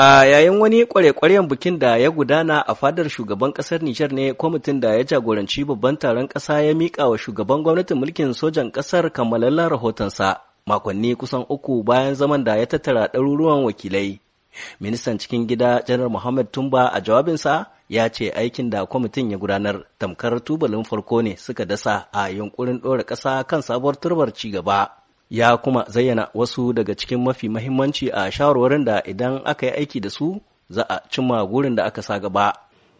A yayin wani kware-kwaren bikin da ya gudana a fadar shugaban kasar Nijar ne kwamitin da ya jagoranci babban taron ƙasa ya miƙa wa shugaban gwamnatin mulkin sojan ƙasar kammalallen rahotonsa makonni kusan uku bayan zaman da ya tattara ɗaruruwan wakilai. Ministan cikin gida Janar Muhammad Tumba a jawabinsa ya ce aikin da kwamitin ya gudanar tamkar tubalin farko ne suka dasa a yunkurin ɗora ƙasa kan sabuwar turbar ci gaba. ya kuma zayyana wasu daga cikin mafi mahimmanci a shawarwarin da idan aka yi aiki da su za a cimma gurin da aka sa gaba.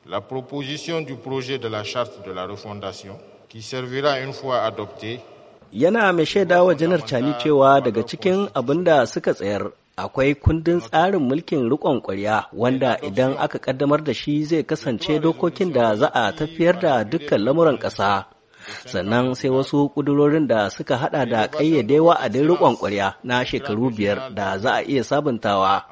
La proposition du projet de la charte de la refondation qui servira une fois adoptée yana mai shaida wa janar cani cewa daga cikin abin da suka tsayar akwai kundin tsarin mulkin rikon kwarya wanda idan aka kaddamar da shi zai kasance dokokin da za a tafiyar da dukkan lamuran ƙasa sannan sai wasu ƙudurorin da suka hada da ƙayyade wa'adin riƙon ƙwarya na shekaru biyar da za a iya sabuntawa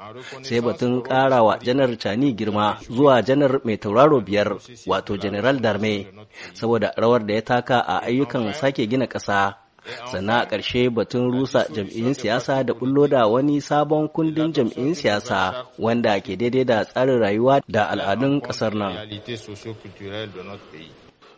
sai batun ƙarawa janar cani girma zuwa janar mai tauraro biyar wato general darme saboda rawar da ya taka a ayyukan sake gina ƙasa sannan a ƙarshe batun rusa jam'iyyun siyasa da bullo da wani sabon kundin jam'iyyun siyasa wanda ke daidai da tsarin rayuwa da al'adun ƙasar nan.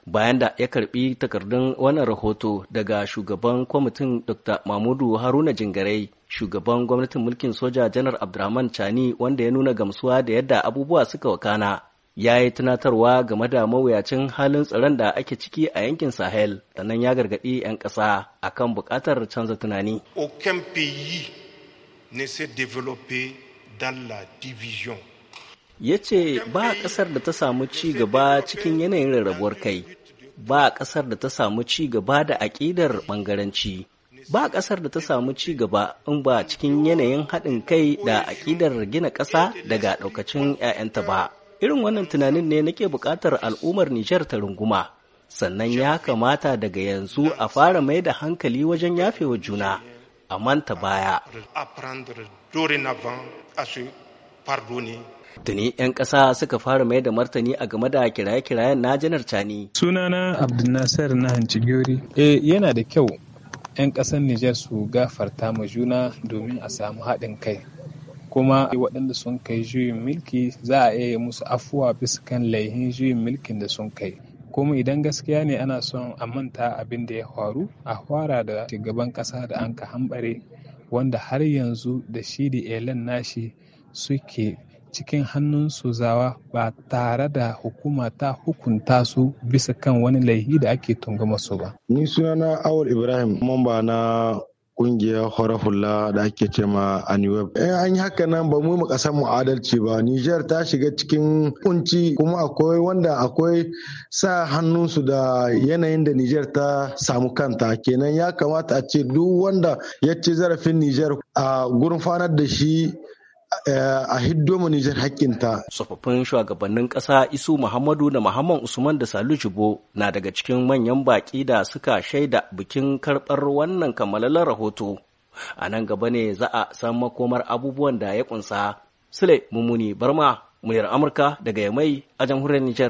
bayan da ya karbi takardun wannan rahoto daga shugaban kwamitin dr mahmudu haruna jingarai shugaban gwamnatin mulkin soja janar abdurrahman chani wanda ya nuna gamsuwa da yadda abubuwa suka wakana ya yi tunatarwa game da mawuyacin halin tsaron da ake ciki a yankin sahel sannan ya gargaɗi 'yan ƙasa akan buƙatar canza tunani aucun pays ne se développer dans division ya ce ba ƙasar da ta samu ci gaba cikin yanayin rarrabuwar kai ba ƙasar da ta samu ci gaba da aƙidar ɓangaranci ba ƙasar da ta samu ci gaba in ba cikin yanayin haɗin kai da aƙidar gina ƙasa daga ɗaukacin 'ya'yanta ba irin wannan tunanin ne nake buƙatar al'ummar nijar ta runguma sannan ya kamata daga yanzu a fara mai da hankali wajen yafewa juna a manta baya pardonner Tuni 'yan ƙasa suka fara mai da martani a game da kiraye-kirayen na janar Cani. Sunana Abdulnasir na Hancigori. Eh yana da kyau 'yan ƙasar Nijar su gafarta ma juna domin a samu haɗin kai. Kuma waɗanda sun kai juyin milki za a iya musu afuwa bisa kan laihin juyin milkin da sun kai. Kuma idan gaskiya ne ana son a manta abin da ya faru a fara da shugaban ƙasa da an ka hambare wanda har yanzu da shi da elan nashi suke cikin hannun su zawa ba tare da hukuma ta hukunta su bisa kan wani laihi da ake tunga masu ba. Ni sunana Awul Ibrahim, mamba na kungiyar hula da ake ce ma aniweb eh an yi haka nan ba mu mu kasar mu adalci ba niger ta shiga cikin kunci kuma akwai wanda akwai sa hannunsu da yanayin da niger ta samu kanta kenan ya kamata a ce duk wanda ya ci zarafin niger a gurin fanar da shi Eh, a hiddo mu Nijar ta. Tsofaffin shugabannin ƙasa Isu Muhammadu da Muhammad Usman da Salu Jibo na daga cikin manyan baƙi da suka shaida bikin karɓar wannan kammalalar rahoto. A nan gaba ne za a san makomar abubuwan da ya ƙunsa. Sule Mumuni Barma, muryar Amurka daga Yamai a jamhuriyar Nijar.